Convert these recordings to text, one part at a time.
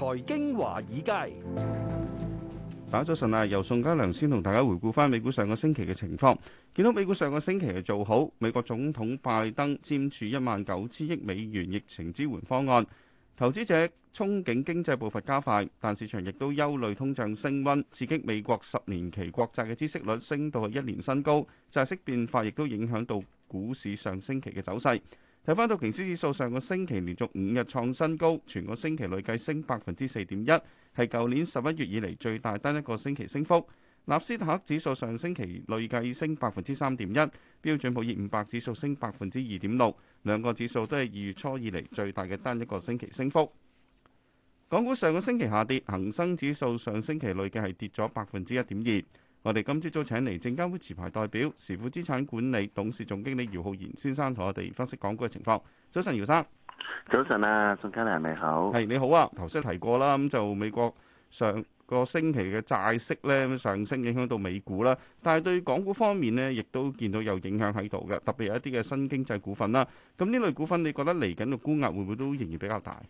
財經華爾街，大家早晨啊！由宋嘉良先同大家回顧翻美股上個星期嘅情況。見到美股上個星期係做好，美國總統拜登簽署一萬九千億美元疫情支援方案，投資者憧憬經濟步伐加快，但市場亦都憂慮通脹升温，刺激美國十年期國債嘅孳息率升到一年新高，債息變化亦都影響到股市上星期嘅走勢。睇翻道瓊斯指數上個星期連續五日創新高，全個星期累計升百分之四點一，係舊年十一月以嚟最大單一個星期升幅。納斯達克指數上星期累計升百分之三點一，標準普爾五百指數升百分之二點六，兩個指數都係二月初以嚟最大嘅單一個星期升幅。港股上個星期下跌，恒生指數上星期累計係跌咗百分之一點二。我哋今朝早請嚟，證監會持牌代表時富資產管理董事總經理姚浩然先生同我哋分析港股嘅情況。早晨，姚生。早晨啊，宋嘉良，你好。係你好啊。頭先提過啦，咁就美國上個星期嘅債息咧上升，影響到美股啦。但係對港股方面呢亦都見到有影響喺度嘅，特別有一啲嘅新經濟股份啦，啊。咁呢類股份你覺得嚟緊嘅沽壓會唔會都仍然比較大？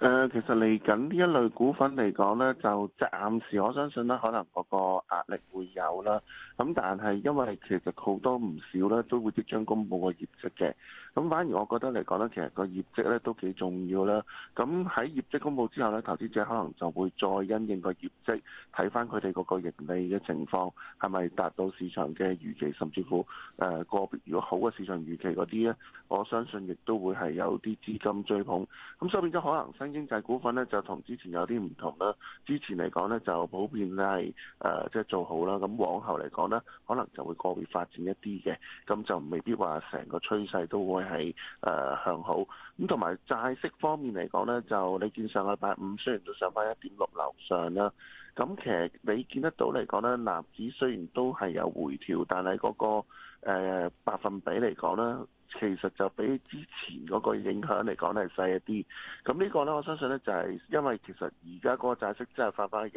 誒、呃，其實嚟緊呢一類股份嚟講呢，就暫時我相信呢，可能嗰個壓力會有啦。咁但係因為其實好多唔少呢，都會即將公布個業績嘅。咁反而我覺得嚟講呢，其實個業績呢都幾重要啦。咁喺業績公佈之後呢，投資者可能就會再因應個業績，睇返佢哋嗰個盈利嘅情況係咪達到市場嘅預期，甚至乎誒個別如果好嘅市場預期嗰啲呢，我相信亦都會係有啲資金追捧。咁所以變咗可能新經濟股份呢，就同之前有啲唔同啦。之前嚟講呢，就普遍係誒即係做好啦。咁往後嚟講呢，可能就會個別發展一啲嘅，咁就未必話成個趨勢都會。係誒向好，咁同埋債息方面嚟講呢，就你見上個禮拜五雖然都上翻一點六樓上啦，咁其實你見得到嚟講呢，納指雖然都係有回調，但係嗰個誒百分比嚟講呢，其實就比之前嗰個影響嚟講咧係細一啲，咁呢個呢，我相信呢，就係因為其實而家嗰個債息真係發翻疫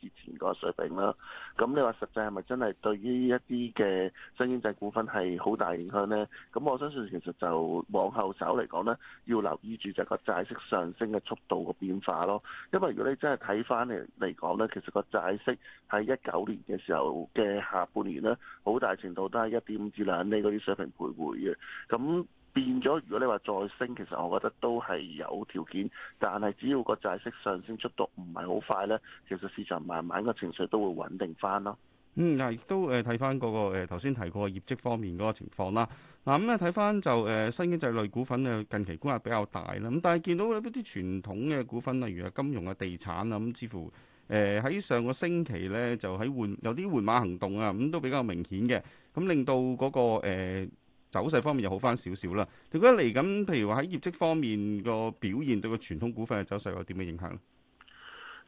情個水平啦，咁你話實際係咪真係對於一啲嘅新經濟股份係好大影響呢？咁我相信其實就往後走嚟講呢，要留意住就係個債息上升嘅速度嘅變化咯。因為如果你真係睇翻嚟嚟講呢，其實個債息喺一九年嘅時候嘅下半年呢，好大程度都係一點五至兩厘嗰啲水平徘徊嘅。咁變咗，如果你話再升，其實我覺得都係有條件，但係只要個債息上升速度唔係好快呢，其實市場慢慢個情緒都會穩定翻咯。嗯，嗱，亦都誒睇翻嗰個誒頭先提過業績方面嗰個情況啦。嗱、啊，咁咧睇翻就誒、呃、新經濟類股份咧，近期觀察比較大啦。咁、嗯、但係見到呢啲傳統嘅股份，例如啊金融啊、地產啊，咁、嗯、似乎誒喺、呃、上個星期呢，就喺換有啲換馬行動啊，咁、嗯、都比較明顯嘅，咁、嗯、令到嗰、那個、呃走勢方面又好翻少少啦。你覺得嚟緊，譬如話喺業績方面個表現對個傳統股份嘅走勢有啲咩影響？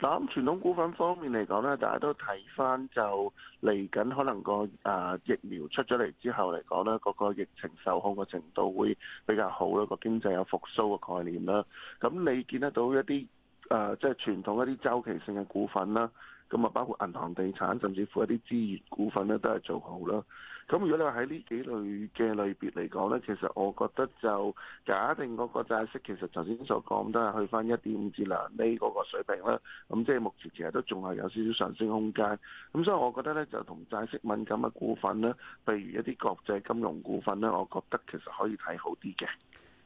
嗱，咁傳統股份方面嚟講咧，大家都睇翻就嚟緊，可能個啊疫苗出咗嚟之後嚟講咧，個、嗰個疫情受控嘅程度會比較好啦，個經濟有復甦嘅概念啦。咁你見得到一啲啊，即、呃、係、就是、傳統一啲周期性嘅股份啦。咁啊，包括銀行、地產，甚至乎一啲資源股份咧，都係做好啦。咁如果你話喺呢幾類嘅類別嚟講咧，其實我覺得就假定嗰個債息，其實頭先所講都係去翻一點五至兩厘，呢嗰個水平啦。咁即係目前其實都仲係有少少上升空間。咁所以，我覺得咧就同債息敏感嘅股份咧，譬如一啲國際金融股份咧，我覺得其實可以睇好啲嘅。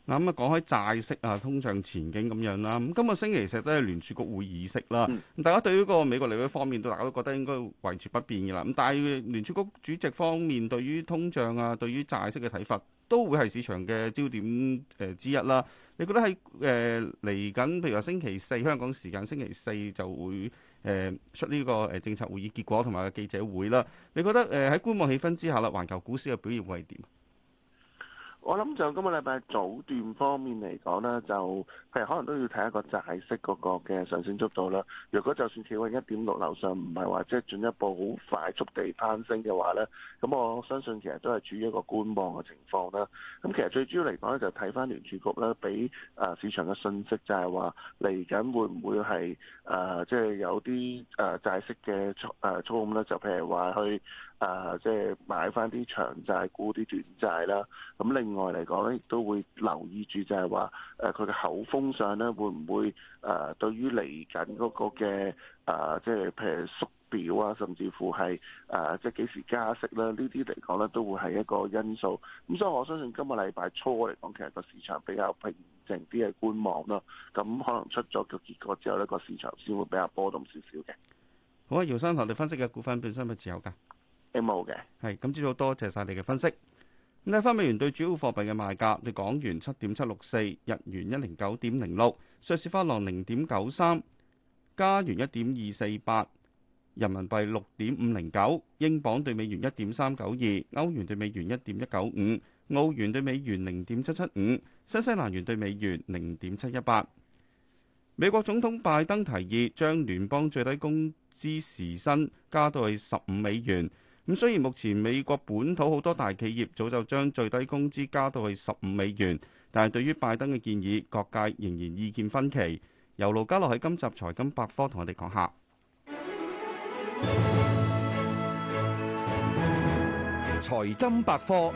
嗱咁啊，講開債息啊，通脹前景咁樣啦。咁今個星期其實都係聯儲局會議息啦。咁、嗯、大家對於個美國利率方面，都大家都覺得應該維持不變嘅啦。咁但係聯儲局主席方面，對於通脹啊，對於債息嘅睇法，都會係市場嘅焦點誒之一啦。你覺得喺誒嚟緊，譬如話星期四香港時間星期四就會誒、呃、出呢個誒政策會議結果同埋記者會啦。你覺得誒喺觀望氣氛之下啦，環球股市嘅表現會係點？我諗就今個禮拜早段方面嚟講咧，就係可能都要睇一個債息嗰個嘅上升速度啦。如果就算企穩一點六樓上，唔係話即係進一步好快速地攀升嘅話呢，咁我相信其實都係處於一個觀望嘅情況啦。咁其實最主要嚟講呢，就睇翻聯儲局呢俾啊市場嘅信息就，就係話嚟緊會唔會係。呃呃呃呃、啊，即係有啲啊債息嘅啊操控咧，就譬如話去啊，即係買翻啲長債、估啲短債啦。咁另外嚟講咧，亦都會留意住就係話，誒佢嘅口風上咧，會唔會啊、呃、對於嚟緊嗰個嘅啊、呃，即係譬如縮表啊，甚至乎係啊、呃、即係幾時加息啦？呢啲嚟講咧，都會係一個因素。咁所以我相信今個禮拜初嚟講，其實個市場比較平。啲係觀望咯，咁可能出咗個結果之後，呢個市場先會比較波動少少嘅。好啊，姚生同你分析嘅股份本身有冇持有噶？冇嘅。係咁，朝早多謝晒你嘅分析。呢啊，美元對主要貨幣嘅賣價，對港元七點七六四，日元一零九點零六，瑞士法郎零點九三，加元一點二四八，人民幣六點五零九，英鎊對美元一點三九二，歐元對美元一點一九五。澳元對美元零點七七五，新西蘭元對美元零點七一八。美國總統拜登提議將聯邦最低工資時薪加到去十五美元。咁雖然目前美國本土好多大企業早就將最低工資加到去十五美元，但係對於拜登嘅建議，各界仍然意見分歧。由盧家樂喺今集財金百科同我哋講下財金百科。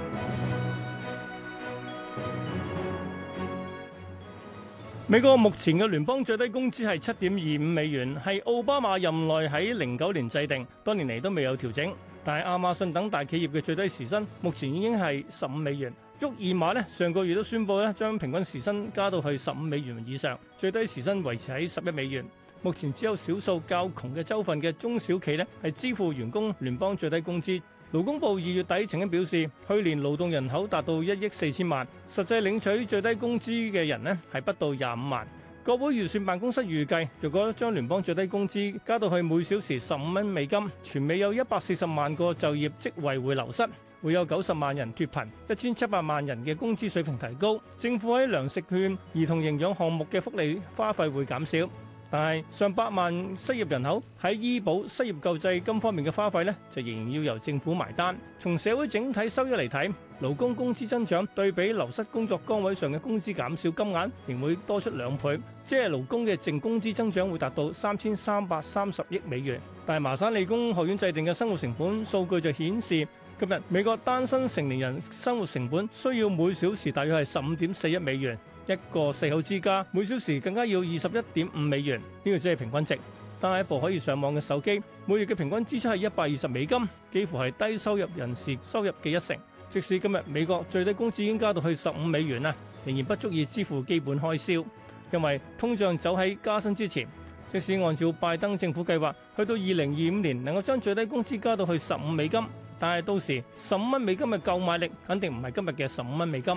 美國目前嘅聯邦最低工資係七點二五美元，係奧巴馬任內喺零九年制定，多年嚟，都未有調整。但係亞馬遜等大企業嘅最低時薪目前已經係十五美元。沃爾瑪呢，上個月都宣布咧，將平均時薪加到去十五美元以上，最低時薪維持喺十一美元。目前只有少數較窮嘅州份嘅中小企呢係支付員工聯邦最低工資。勞工部二月底曾經表示，去年勞動人口達到一億四千萬，實際領取最低工資嘅人呢係不到廿五萬。國會預算辦公室預計，如果將聯邦最低工資加到去每小時十五蚊美金，全美有一百四十萬個就業職位會流失，會有九十萬人脱貧，一千七百萬人嘅工資水平提高，政府喺糧食券、兒童營養項目嘅福利花費會減少。但係上百萬失業人口喺醫保、失業救濟金方面嘅花費咧，就仍然要由政府埋單。從社會整體收益嚟睇，勞工工資增長對比流失工作崗位上嘅工資減少金額，仍會多出兩倍，即係勞工嘅淨工資增長會達到三千三百三十億美元。但係麻省理工學院製定嘅生活成本數據就顯示，今日美國單身成年人生活成本需要每小時大約係十五點四一美元。一個四口之家每小時更加要二十一點五美元，呢個只係平均值。但係一部可以上網嘅手機，每月嘅平均支出係一百二十美金，幾乎係低收入人士收入嘅一成。即使今日美國最低工資已經加到去十五美元啦，仍然不足以支付基本開銷。因為通脹走喺加薪之前，即使按照拜登政府計劃，去到二零二五年能夠將最低工資加到去十五美金，但係到時十五蚊美金嘅購買力肯定唔係今日嘅十五蚊美金。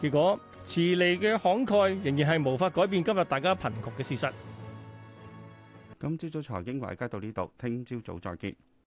結果，遲嚟嘅慷慨仍然係無法改變今日大家貧窮嘅事實。今朝早財經華爾街，到呢度，聽朝早再見。